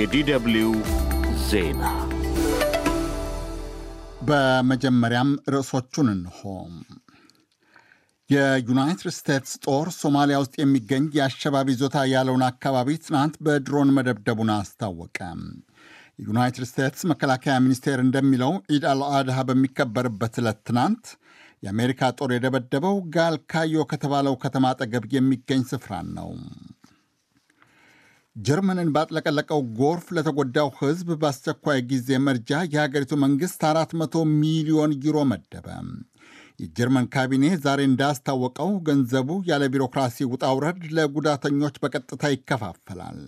የዲደብሊው ዜና በመጀመሪያም ርዕሶቹን እንሆ። የዩናይትድ ስቴትስ ጦር ሶማሊያ ውስጥ የሚገኝ የአሸባብ ይዞታ ያለውን አካባቢ ትናንት በድሮን መደብደቡን አስታወቀ። የዩናይትድ ስቴትስ መከላከያ ሚኒስቴር እንደሚለው ኢድ አልአድሃ በሚከበርበት ዕለት ትናንት የአሜሪካ ጦር የደበደበው ጋልካዮ ከተባለው ከተማ አጠገብ የሚገኝ ስፍራን ነው። ጀርመንን ባጥለቀለቀው ጎርፍ ለተጎዳው ህዝብ በአስቸኳይ ጊዜ መርጃ የሀገሪቱ መንግሥት 400 ሚሊዮን ዩሮ መደበ። የጀርመን ካቢኔ ዛሬ እንዳስታወቀው ገንዘቡ ያለ ቢሮክራሲ ውጣውረድ ለጉዳተኞች በቀጥታ ይከፋፈላል።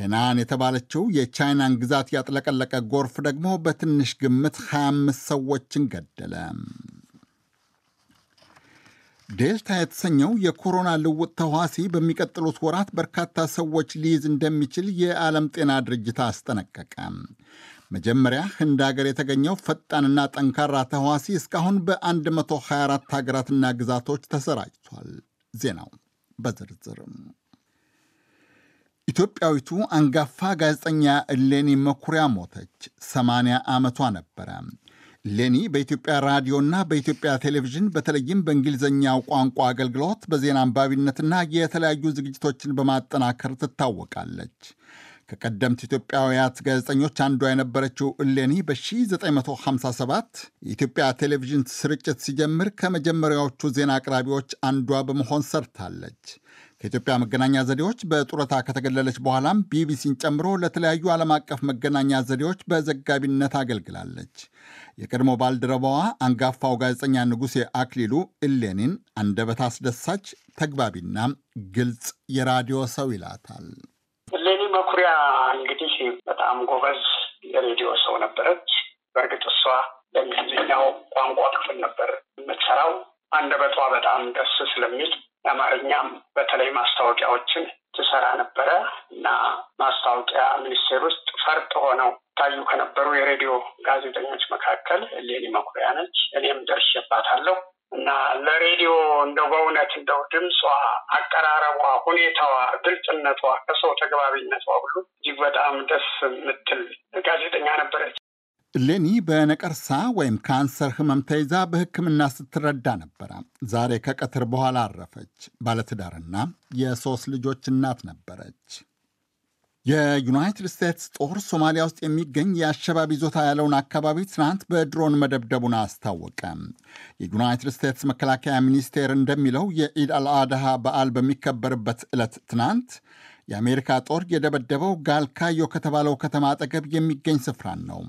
ሄናን የተባለችው የቻይናን ግዛት ያጥለቀለቀ ጎርፍ ደግሞ በትንሽ ግምት 25 ሰዎችን ገደለ። ዴልታ የተሰኘው የኮሮና ልውጥ ተዋሲ በሚቀጥሉት ወራት በርካታ ሰዎች ሊይዝ እንደሚችል የዓለም ጤና ድርጅት አስጠነቀቀ። መጀመሪያ ህንድ ሀገር የተገኘው ፈጣንና ጠንካራ ተዋሲ እስካሁን በ124 ሀገራትና ግዛቶች ተሰራጭቷል። ዜናው በዝርዝርም ኢትዮጵያዊቱ አንጋፋ ጋዜጠኛ እሌኒ መኩሪያ ሞተች። 80 ዓመቷ ነበረ። ሌኒ በኢትዮጵያ ራዲዮና በኢትዮጵያ ቴሌቪዥን በተለይም በእንግሊዝኛው ቋንቋ አገልግሎት በዜና አንባቢነትና የተለያዩ ዝግጅቶችን በማጠናከር ትታወቃለች። ከቀደምት ኢትዮጵያውያት ጋዜጠኞች አንዷ የነበረችው እሌኒ በ1957 የኢትዮጵያ ቴሌቪዥን ስርጭት ሲጀምር ከመጀመሪያዎቹ ዜና አቅራቢዎች አንዷ በመሆን ሰርታለች። ከኢትዮጵያ መገናኛ ዘዴዎች በጡረታ ከተገለለች በኋላም ቢቢሲን ጨምሮ ለተለያዩ ዓለም አቀፍ መገናኛ ዘዴዎች በዘጋቢነት አገልግላለች። የቀድሞ ባልደረባዋ አንጋፋው ጋዜጠኛ ንጉሴ አክሊሉ እሌኒን አንደበት አስደሳች፣ ተግባቢና ግልጽ የራዲዮ ሰው ይላታል። እሌኒ መኩሪያ እንግዲህ በጣም ጎበዝ የሬዲዮ ሰው ነበረች። በእርግጥ እሷ በእንግሊዝኛው ቋንቋ ክፍል ነበር የምትሰራው። አንደበቷ በጣም ደስ ስለሚል የአማርኛም በተለይ ማስታወቂያዎችን ትሰራ ነበረ እና ማስታወቂያ ሚኒስቴር ውስጥ ፈርጥ ሆነው ታዩ ከነበሩ የሬዲዮ ጋዜጠኞች መካከል ሌኒ መኩሪያ ነች። እኔም ደርሼባታለሁ እና ለሬዲዮ እንደው በእውነት እንደው ድምጿ፣ አቀራረቧ፣ ሁኔታዋ፣ ግልጽነቷ፣ ከሰው ተግባቢነቷ ሁሉ እጅግ በጣም ደስ የምትል ጋዜጠኛ ነበረች። ሌኒ በነቀርሳ ወይም ካንሰር ህመም ተይዛ በሕክምና ስትረዳ ነበረ። ዛሬ ከቀትር በኋላ አረፈች። ባለትዳርና የሶስት ልጆች እናት ነበረች። የዩናይትድ ስቴትስ ጦር ሶማሊያ ውስጥ የሚገኝ የአሸባብ ይዞታ ያለውን አካባቢ ትናንት በድሮን መደብደቡን አስታወቀ። የዩናይትድ ስቴትስ መከላከያ ሚኒስቴር እንደሚለው የኢድ አልአድሃ በዓል በሚከበርበት ዕለት ትናንት የአሜሪካ ጦር የደበደበው ጋልካዮ ከተባለው ከተማ አጠገብ የሚገኝ ስፍራን ነው።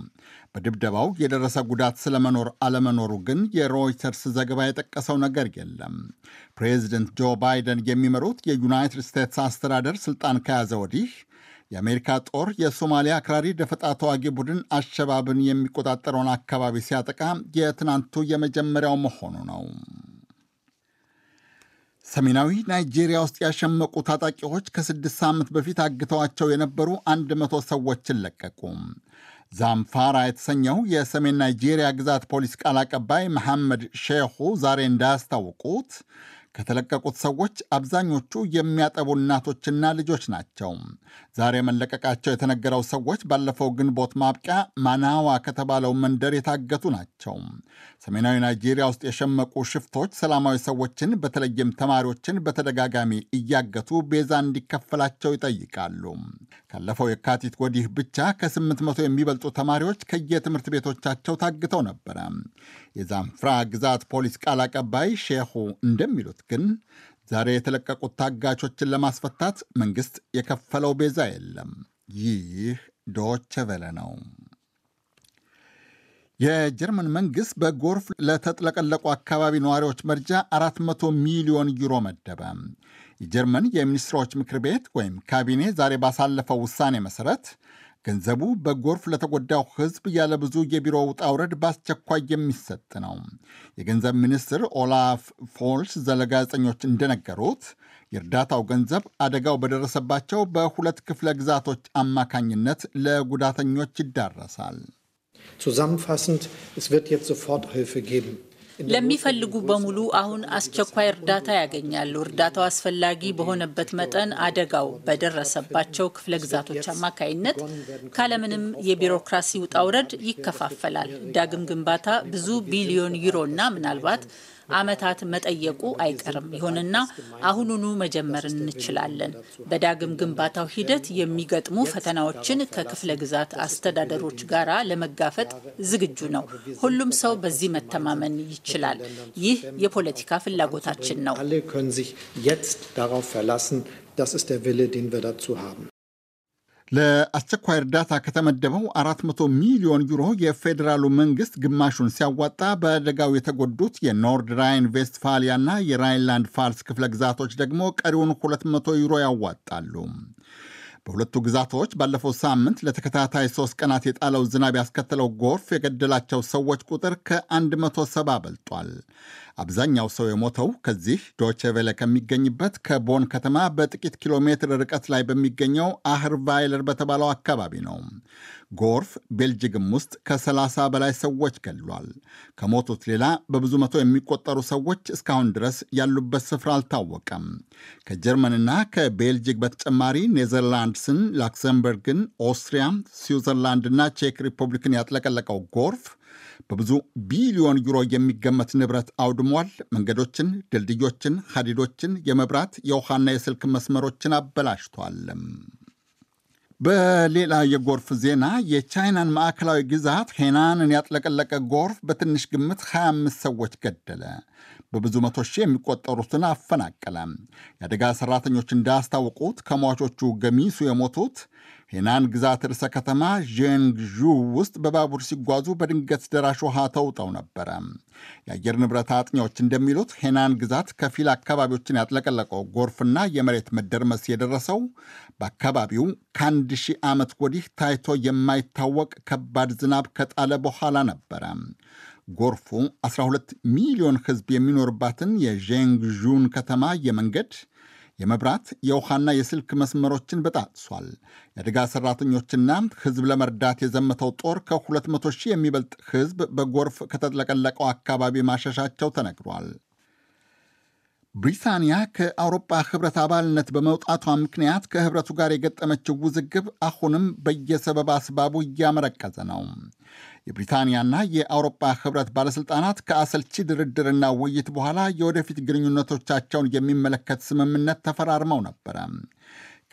በድብደባው የደረሰ ጉዳት ስለመኖር አለመኖሩ ግን የሮይተርስ ዘገባ የጠቀሰው ነገር የለም። ፕሬዚደንት ጆ ባይደን የሚመሩት የዩናይትድ ስቴትስ አስተዳደር ስልጣን ከያዘ ወዲህ የአሜሪካ ጦር የሶማሊያ አክራሪ ደፈጣ ተዋጊ ቡድን አሸባብን የሚቆጣጠረውን አካባቢ ሲያጠቃ የትናንቱ የመጀመሪያው መሆኑ ነው። ሰሜናዊ ናይጄሪያ ውስጥ ያሸመቁ ታጣቂዎች ከስድስት ሳምንት በፊት አግተዋቸው የነበሩ አንድ መቶ ሰዎችን ለቀቁ። ዛምፋራ የተሰኘው የሰሜን ናይጄሪያ ግዛት ፖሊስ ቃል አቀባይ መሐመድ ሼሁ ዛሬ እንዳያስታውቁት ከተለቀቁት ሰዎች አብዛኞቹ የሚያጠቡ እናቶችና ልጆች ናቸው። ዛሬ መለቀቃቸው የተነገረው ሰዎች ባለፈው ግንቦት ማብቂያ ማናዋ ከተባለው መንደር የታገቱ ናቸው። ሰሜናዊ ናይጄሪያ ውስጥ የሸመቁ ሽፍቶች ሰላማዊ ሰዎችን በተለይም ተማሪዎችን በተደጋጋሚ እያገቱ ቤዛ እንዲከፈላቸው ይጠይቃሉ። ካለፈው የካቲት ወዲህ ብቻ ከ800 የሚበልጡ ተማሪዎች ከየትምህርት ቤቶቻቸው ታግተው ነበረ። የዛንፍራ ግዛት ፖሊስ ቃል አቀባይ ሼሁ እንደሚሉት ግን ዛሬ የተለቀቁት ታጋቾችን ለማስፈታት መንግሥት የከፈለው ቤዛ የለም። ይህ ዶቼ ቬለ ነው። የጀርመን መንግሥት በጎርፍ ለተጥለቀለቁ አካባቢ ነዋሪዎች መርጃ 400 ሚሊዮን ዩሮ መደበ። የጀርመን የሚኒስትሮች ምክር ቤት ወይም ካቢኔ ዛሬ ባሳለፈው ውሳኔ መሰረት ገንዘቡ በጎርፍ ለተጎዳው ሕዝብ ያለ ብዙ የቢሮ ውጣ ውረድ በአስቸኳይ የሚሰጥ ነው። የገንዘብ ሚኒስትር ኦላፍ ፎልስ ዘለጋዜጠኞች እንደነገሩት የእርዳታው ገንዘብ አደጋው በደረሰባቸው በሁለት ክፍለ ግዛቶች አማካኝነት ለጉዳተኞች ይዳረሳል። Zusammenfassend, ለሚፈልጉ በሙሉ አሁን አስቸኳይ እርዳታ ያገኛሉ። እርዳታው አስፈላጊ በሆነበት መጠን አደጋው በደረሰባቸው ክፍለ ግዛቶች አማካይነት ካለምንም የቢሮክራሲ ውጣ ውረድ ይከፋፈላል። ዳግም ግንባታ ብዙ ቢሊዮን ዩሮ ና ምናልባት ዓመታት መጠየቁ አይቀርም። ይሁንና አሁኑኑ መጀመር እንችላለን። በዳግም ግንባታው ሂደት የሚገጥሙ ፈተናዎችን ከክፍለ ግዛት አስተዳደሮች ጋር ለመጋፈጥ ዝግጁ ነው። ሁሉም ሰው በዚህ መተማመን ይችላል። ይህ የፖለቲካ ፍላጎታችን ነው። ለአስቸኳይ እርዳታ ከተመደበው 400 ሚሊዮን ዩሮ የፌዴራሉ መንግስት ግማሹን ሲያዋጣ በአደጋው የተጎዱት የኖርድ ራይን ቬስትፋሊያና የራይንላንድ ፋልስ ክፍለ ግዛቶች ደግሞ ቀሪውን 200 ዩሮ ያዋጣሉ። በሁለቱ ግዛቶች ባለፈው ሳምንት ለተከታታይ ሶስት ቀናት የጣለው ዝናብ ያስከተለው ጎርፍ የገደላቸው ሰዎች ቁጥር ከ170 በልጧል። አብዛኛው ሰው የሞተው ከዚህ ዶቼቬለ ከሚገኝበት ከቦን ከተማ በጥቂት ኪሎ ሜትር ርቀት ላይ በሚገኘው አህር ቫይለር በተባለው አካባቢ ነው። ጎርፍ ቤልጅግም ውስጥ ከ30 በላይ ሰዎች ገድሏል። ከሞቱት ሌላ በብዙ መቶ የሚቆጠሩ ሰዎች እስካሁን ድረስ ያሉበት ስፍራ አልታወቀም። ከጀርመንና ከቤልጅግ በተጨማሪ ኔዘርላንድስን፣ ላክሰምበርግን፣ ኦስትሪያ፣ ስዊዘርላንድና ቼክ ሪፐብሊክን ያጥለቀለቀው ጎርፍ በብዙ ቢሊዮን ዩሮ የሚገመት ንብረት አውድሟል። መንገዶችን፣ ድልድዮችን፣ ሐዲዶችን፣ የመብራት የውሃና የስልክ መስመሮችን አበላሽቷል። በሌላ የጎርፍ ዜና የቻይናን ማዕከላዊ ግዛት ሄናንን ያጥለቀለቀ ጎርፍ በትንሽ ግምት 25 ሰዎች ገደለ፣ በብዙ መቶ ሺህ የሚቆጠሩትን አፈናቀለ። የአደጋ ሰራተኞች እንዳስታወቁት ከሟቾቹ ገሚሱ የሞቱት ሄናን ግዛት ርዕሰ ከተማ ዤንግዡ ውስጥ በባቡር ሲጓዙ በድንገት ደራሽ ውሃ ተውጠው ነበረ። የአየር ንብረት አጥኚዎች እንደሚሉት ሄናን ግዛት ከፊል አካባቢዎችን ያጥለቀለቀው ጎርፍና የመሬት መደርመስ የደረሰው በአካባቢው ከአንድ ሺህ ዓመት ወዲህ ታይቶ የማይታወቅ ከባድ ዝናብ ከጣለ በኋላ ነበረ። ጎርፉ 12 ሚሊዮን ሕዝብ የሚኖርባትን የዤንግዡን ከተማ የመንገድ የመብራት የውሃና የስልክ መስመሮችን በጣጥሷል። የአደጋ ሰራተኞችና ህዝብ ለመርዳት የዘመተው ጦር ከ200 ሺህ የሚበልጥ ህዝብ በጎርፍ ከተጥለቀለቀው አካባቢ ማሸሻቸው ተነግሯል። ብሪታንያ ከአውሮፓ ህብረት አባልነት በመውጣቷ ምክንያት ከህብረቱ ጋር የገጠመችው ውዝግብ አሁንም በየሰበብ አስባቡ እያመረቀዘ ነው። የብሪታንያና የአውሮፓ ህብረት ባለሥልጣናት ከአሰልቺ ድርድርና ውይይት በኋላ የወደፊት ግንኙነቶቻቸውን የሚመለከት ስምምነት ተፈራርመው ነበረ።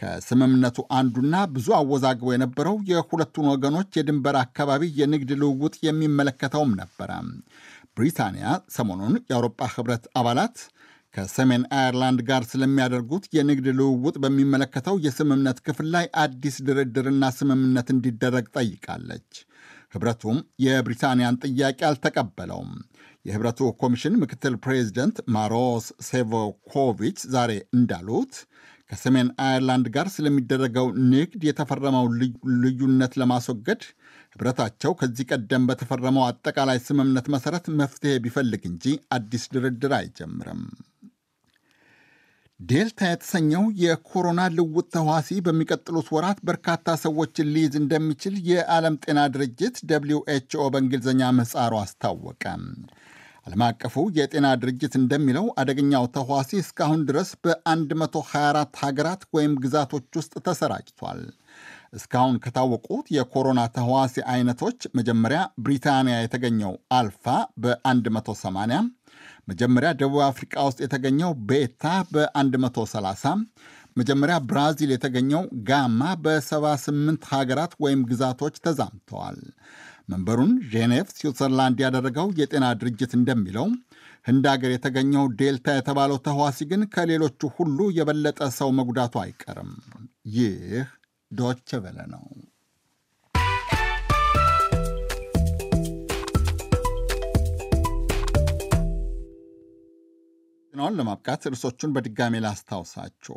ከስምምነቱ አንዱና ብዙ አወዛግቦ የነበረው የሁለቱን ወገኖች የድንበር አካባቢ የንግድ ልውውጥ የሚመለከተውም ነበረ። ብሪታንያ ሰሞኑን የአውሮፓ ህብረት አባላት ከሰሜን አየርላንድ ጋር ስለሚያደርጉት የንግድ ልውውጥ በሚመለከተው የስምምነት ክፍል ላይ አዲስ ድርድርና ስምምነት እንዲደረግ ጠይቃለች። ህብረቱም የብሪታንያን ጥያቄ አልተቀበለውም። የህብረቱ ኮሚሽን ምክትል ፕሬዚደንት ማሮስ ሴቮኮቪች ዛሬ እንዳሉት ከሰሜን አየርላንድ ጋር ስለሚደረገው ንግድ የተፈረመው ልዩነት ለማስወገድ ህብረታቸው ከዚህ ቀደም በተፈረመው አጠቃላይ ስምምነት መሰረት መፍትሄ ቢፈልግ እንጂ አዲስ ድርድር አይጀምርም። ዴልታ የተሰኘው የኮሮና ልውጥ ተዋሲ በሚቀጥሉት ወራት በርካታ ሰዎችን ሊይዝ እንደሚችል የዓለም ጤና ድርጅት ደብሊው ኤችኦ በእንግሊዝኛ ምህጻሩ አስታወቀ። ዓለም አቀፉ የጤና ድርጅት እንደሚለው አደገኛው ተዋሲ እስካሁን ድረስ በ124 ሀገራት ወይም ግዛቶች ውስጥ ተሰራጭቷል። እስካሁን ከታወቁት የኮሮና ተህዋሲ አይነቶች መጀመሪያ ብሪታንያ የተገኘው አልፋ በ180 መጀመሪያ ደቡብ አፍሪቃ ውስጥ የተገኘው ቤታ በ130 መጀመሪያ ብራዚል የተገኘው ጋማ በ78 ሀገራት ወይም ግዛቶች ተዛምተዋል። መንበሩን ጄኔቭ ስዊትዘርላንድ ያደረገው የጤና ድርጅት እንደሚለው ህንድ አገር የተገኘው ዴልታ የተባለው ተህዋሲ ግን ከሌሎቹ ሁሉ የበለጠ ሰው መጉዳቱ አይቀርም። ይህ ዶቸ ቨለ ነው። ጤናውን ለማብቃት እርሶቹን በድጋሜ ላስታውሳችሁ።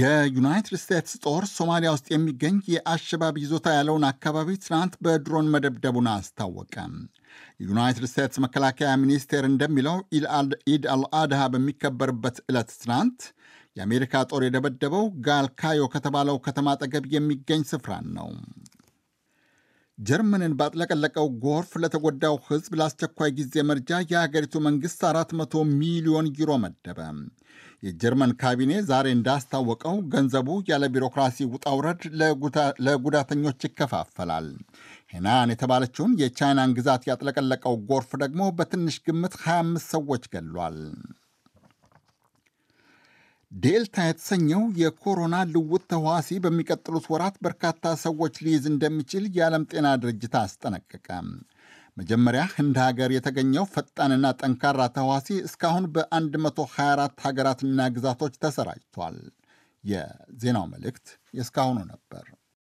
የዩናይትድ ስቴትስ ጦር ሶማሊያ ውስጥ የሚገኝ የአሸባብ ይዞታ ያለውን አካባቢ ትናንት በድሮን መደብደቡን አስታወቀ። የዩናይትድ ስቴትስ መከላከያ ሚኒስቴር እንደሚለው ኢድ አልአድሃ በሚከበርበት ዕለት ትናንት የአሜሪካ ጦር የደበደበው ጋልካዮ ከተባለው ከተማ አጠገብ የሚገኝ ስፍራን ነው። ጀርመንን ባጥለቀለቀው ጎርፍ ለተጎዳው ሕዝብ ለአስቸኳይ ጊዜ መርጃ የሀገሪቱ መንግሥት 400 ሚሊዮን ዩሮ መደበ። የጀርመን ካቢኔ ዛሬ እንዳስታወቀው ገንዘቡ ያለ ቢሮክራሲ ውጣውረድ ለጉዳተኞች ይከፋፈላል። ሄናን የተባለችውን የቻይናን ግዛት ያጥለቀለቀው ጎርፍ ደግሞ በትንሽ ግምት 25 ሰዎች ገሏል። ዴልታ የተሰኘው የኮሮና ልውጥ ተዋሲ በሚቀጥሉት ወራት በርካታ ሰዎች ሊይዝ እንደሚችል የዓለም ጤና ድርጅት አስጠነቀቀ። መጀመሪያ ህንድ ሀገር የተገኘው ፈጣንና ጠንካራ ተዋሲ እስካሁን በ124 ሀገራትና ግዛቶች ተሰራጭቷል። የዜናው መልእክት የእስካሁኑ ነበር።